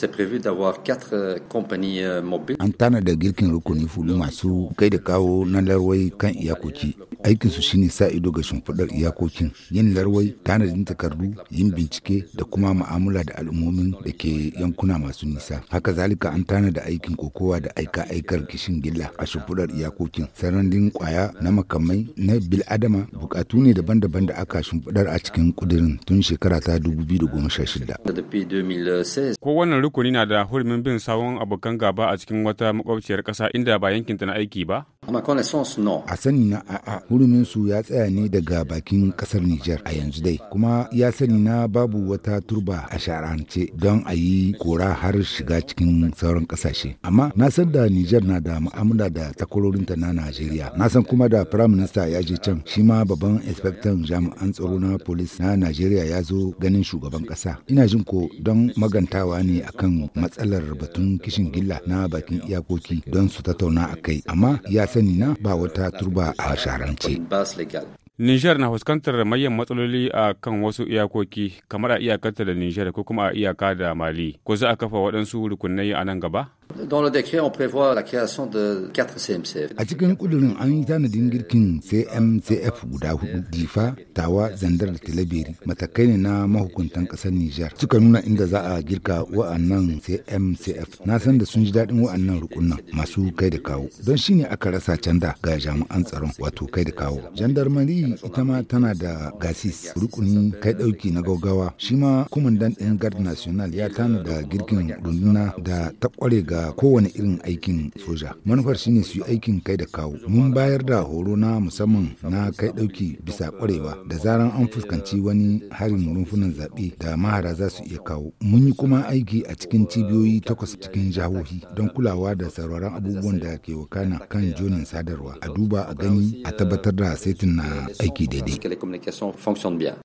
C'est prévu d'avoir quatre euh, compagnies euh, mobiles. An de da girkin rukuni fulu masu kai kawo na kan iyakoki aikinsu shine sa ido ga shimfiɗar iyakokin yin larwai tanadin takardu yin bincike da kuma ma'amala da al'ummomin da ke yankuna masu nisa haka zalika an tanada aikin kokowa da aika aikar kishin gilla a shimfiɗar iyakokin sarandin kwaya na makamai na bil adama bukatu ne daban-daban da aka shimfiɗar a cikin kudirin tun shekara ta 2016 ko wannan rukuni na da hurumin bin sawun abokan gaba a cikin wata makwabciyar ƙasa inda ba yankinta na aiki ba A sani na a'a hurumin su ya tsaya ne daga bakin kasar Nijar a yanzu dai kuma ya sani na babu wata turba a shara'ance don a yi kora har shiga cikin sauran kasashe. Amma na san da Nijar na da mu'amala da ta na Najeriya. Na san kuma da Prime Minister ya je can shi ma babban inspector jami'an tsaro na police na Najeriya ya zo ganin shugaban kasa. Ina jin ko don magantawa ne akan matsalar batun kishin gilla na bakin iyakoki don su tattauna a kai amma ya sani na ba wata turba a sharance. Nijar na fuskantar manyan matsaloli a kan wasu iyakoki kamar a iyakarta da Nijar ko kuma a iyaka da Mali. Ko za a kafa waɗansu rukunai a nan gaba? A cikin ƙudurin an yi tanadin girkin CMCF guda hudu, Difa, Tawa, Zandar da Talabiri, matakai ne na mahukuntan ƙasar Nijar. Suka nuna inda za a girka wa'annan CMCF. Na san da sun ji daɗin wa'annan rukunan masu kai da kawo. Don shi ne aka rasa canda ga jami'an tsaron wato kai da kawo. Jandarmari ita ma tana da gasis rukuni kai ɗauki na gaugawa. Shi ma kumandan ɗin Gard National ya tana da girkin runduna da ta ƙware ga kowane irin aikin soja manufar shine su yi aikin kai da kawo mun bayar da horo na musamman na kai dauki bisa kwarewa da zaran an fuskanci wani harin rumfunan zaɓe da mahara za su iya kawo mun yi kuma aiki a cikin cibiyoyi takwas cikin jihohi don kulawa da sauraron abubuwan da ke wakana kan jonin sadarwa a duba a gani a tabbatar da setin na aiki daidai